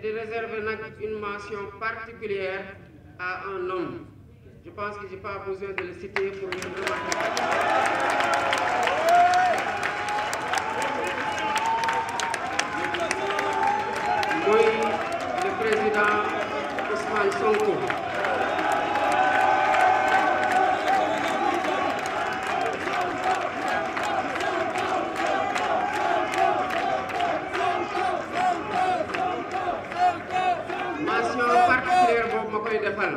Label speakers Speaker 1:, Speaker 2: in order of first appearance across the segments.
Speaker 1: te di réserver nag une mention particulière à un homme je pense que j'ai pas besoin de le citer pour le remercier mooy le président Ousmane Sonko koy defal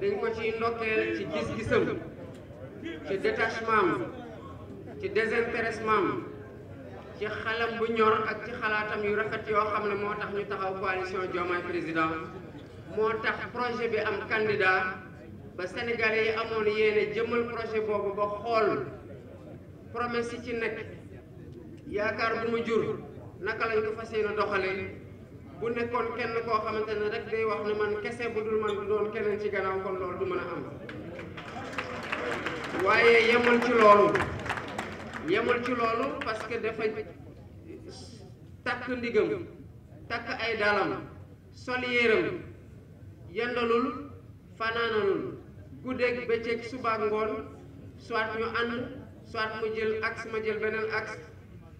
Speaker 1: dañ ko ciy ndokkeel ci gis-gisam ci détachement ci désintéressement am ci xalam bu ñor ak ci xalaatam yu rafet yoo xam ne moo tax ñu taxaw coalition Diomaye Président moo tax projet bi am candidat ba sénégalais yi amoon yéene jëmal projet boobu ba xool promesse yi ci nekk yaakaar bu mu jur naka lañ ko fas yéene doxalee bu nekkoon kenn koo xamante ne rek day wax ne man kese bu dul man du doon keneen ci gannaaw kon loolu du mën a am waaye yemul ci loolu yemul parce que dafa takk ndigam takk ay dalam sol yéeram yendalul fanaanalul guddeeg bëccëg subaak ngoon soit ñu ànd soit mu jël axe ma jël beneen axe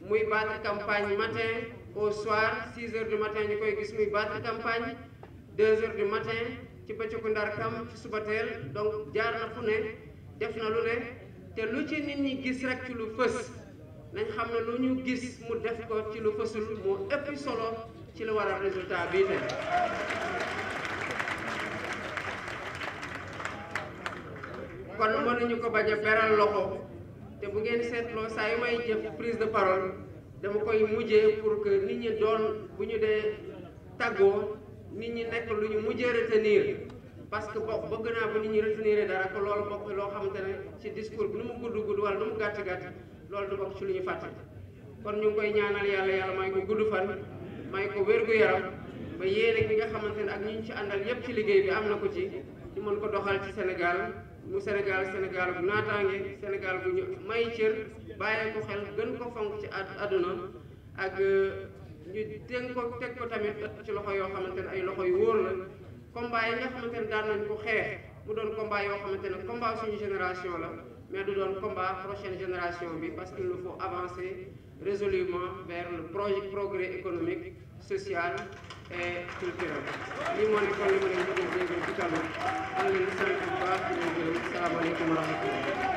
Speaker 1: muy battre campagne matin au soir 6 heures du matin ñu koy gis muy battre campagne 2 heures du matin ci bëccëgu ndar kam ci suba teel donc jaar na fu ne def na lu ne te lu ci nit ñi gis rek ci lu fës nañ xam ne lu ñu gis mu def ko ci lu fësul moo ëpp solo ci lu waral résultat bii tey kon mënuñu ko bañ a beral loxo te bu ngeen seetloo saa yu may jëf prise de parole dama koy mujjee pour que nit ñi doon bu ñu dee tàggoo nit ñi nekk lu ñu mujjee retenir parce que bokk bëgg naa bu nit ñi retenir dara ko loolu bokk loo xamante ne ci discours bi nu mu gudd gudd wala nu mu gàtt gàtt loolu du bokk ci lu ñu fàtte kon ñu ngi koy ñaanal yàlla yàlla may ko gudd fan may ko wér-gu-yaram ba yéene gi nga xamante ne ak ñu ci àndal yépp ci liggéey bi am na ko ci ñu mën ko doxal ci senegal mu Sénégal Sénégal bu naataange Sénégal àdduna ak euh, ñu ko teg ko tamit ci loxo yoo xamante ay loxo yu wóor la combat yi nga xamante ne daan nañ xeex mu doon combat yoo xamante ne génération la mais du doon combat prochaine génération bi parce qu'il nous faut avancer résolument vers le projet progrès économique social et culturel lii moo nekkoon li ma leen bëgg a jégal ci kanam am leen sant bu baax di leen gërëm salaamaaleykum wa rahmatullah